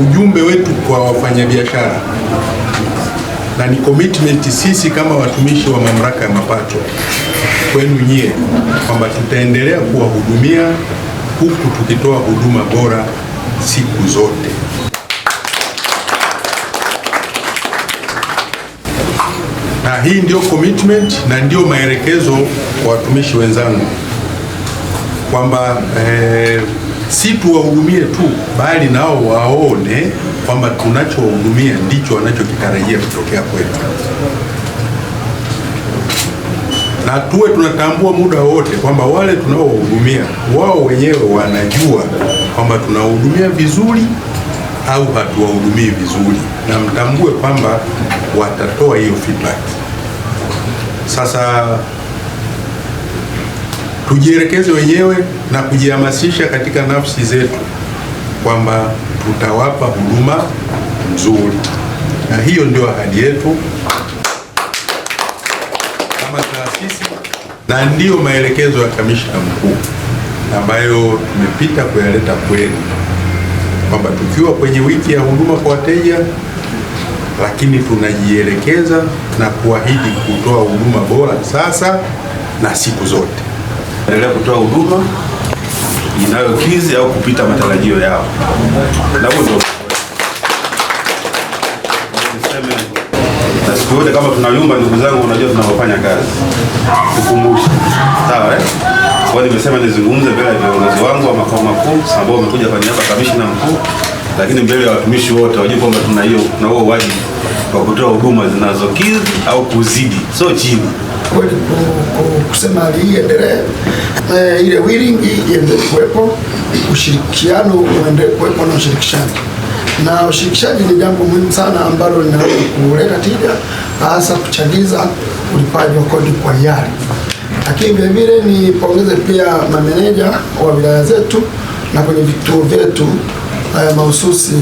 ujumbe wetu kwa wafanyabiashara na ni commitment sisi kama watumishi wa mamlaka ya mapato kwenu nyie kwamba tutaendelea kuwahudumia huku tukitoa huduma bora siku zote. Na hii ndio commitment na ndio maelekezo kwa watumishi wenzangu kwamba e, si tuwahudumie tu bali nao waone kwamba tunachowahudumia ndicho wanachokitarajia kutokea kwetu, na tuwe tunatambua muda wote kwamba wale tunaowahudumia wao wenyewe wanajua kwamba tunawahudumia vizuri au hatuwahudumii vizuri, na mtambue kwamba watatoa hiyo feedback. Sasa tujielekeze wenyewe na kujihamasisha katika nafsi zetu kwamba tutawapa huduma nzuri, na hiyo ndio ahadi yetu kama taasisi, na ndiyo maelekezo ya kamishna mkuu ambayo tumepita kuyaleta kwenu, kwamba tukiwa kwenye wiki ya huduma kwa wateja, lakini tunajielekeza na kuahidi kutoa huduma bora sasa na siku zote endelea kutoa huduma inayokizi au kupita matarajio yao, na huo na siku yote kama tunayumba, ndugu zangu, unajua tunapofanya kazi tukumbushe, sawa eh? Kwa nimesema nizungumze mbele ya viongozi wangu wa makao makuu ambao wamekuja kwa niaba kamishina mkuu, lakini mbele ya watumishi wote wajue kwamba tuna hiyo, tuna huo wajibu wa kutoa huduma zinazokizi au kuzidi, sio chini kweli kusema hii endelee, eh, ile willing iendelee kuwepo, ushirikiano uendelee kuwepo na ushirikishaji na ushirikishaji ni jambo muhimu sana ambalo linaweza kuleta tija, hasa kuchagiza ulipaji wa kodi kwa hiari. Lakini vile vile nipongeze pia mameneja wa wilaya zetu na kwenye vituo vyetu eh, mahususi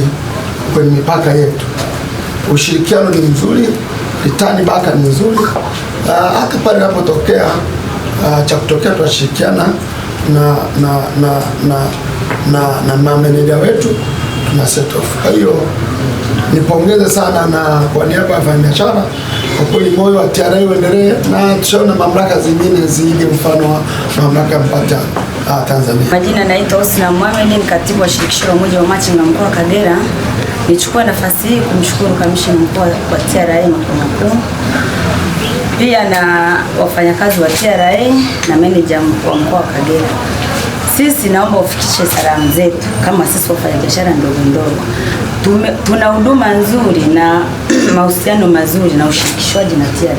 kwenye mipaka yetu. Ushirikiano ni mzuri itani baka ni nzuri. Ah, hata pale inapotokea ah, cha kutokea, tunashirikiana na na na na na, na mameneja wetu tuna set off. Kwa hiyo nipongeze sana na kwa niaba ya wafanyabiashara kwa kweli, moyo wa TRA uendelee na tushaona mamlaka zingine ziige mfano wa mamlaka ya mapato ah, Tanzania. Majina naitwa Husna Mohamed, ni katibu wa shirikisho la umoja wa machinga mkoa wa Kagera. Nichukua nafasi hii kumshukuru kamishna mkuu wa TRA makao makuu, pia na wafanyakazi wa TRA na meneja wa mkoa wa Kagera. Sisi naomba ufikishe salamu zetu, kama sisi wafanyabiashara ndogo ndogo tuna huduma nzuri na mahusiano mazuri na ushirikishwaji na TRA.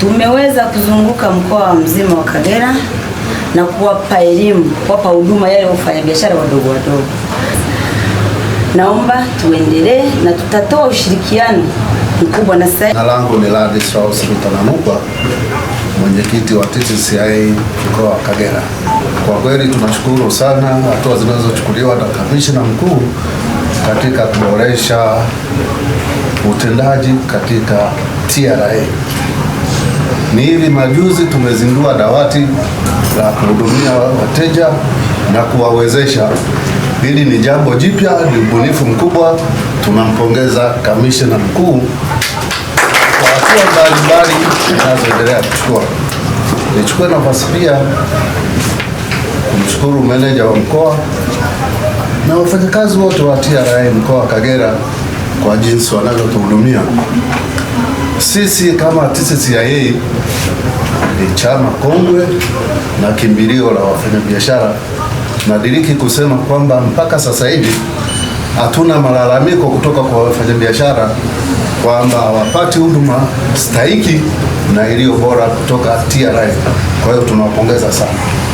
Tumeweza kuzunguka mkoa mzima wa Kagera na kuwapa elimu, kuwapa huduma yale wafanyabiashara wadogo wadogo Naomba tuendelee na tutatoa ushirikiano mkubwa na sasa. Jina langu ni Ladi Strauss Rutananugwa, mwenyekiti wa TTCI mkoa wa Kagera. Kwa kweli tunashukuru sana hatua zinazochukuliwa na kamishna mkuu katika kuboresha utendaji katika TRA. Ni hivi majuzi tumezindua dawati la kuhudumia wateja na kuwawezesha Hili ni jambo jipya, ni ubunifu mkubwa. Tunampongeza kamishna mkuu kwa hatua mbalimbali zinazoendelea kuchukua. Nichukue nafasi pia kumshukuru meneja wa mkoa na wafanyakazi wote wa TRA mkoa wa Kagera kwa jinsi wanavyotuhudumia sisi. Kama TCCIA ni chama kongwe na kimbilio la wafanyabiashara nadiriki kusema kwamba mpaka sasa hivi hatuna malalamiko kutoka kwa wafanyabiashara kwamba hawapati huduma stahiki na iliyo bora kutoka TRA. Kwa hiyo tunawapongeza sana.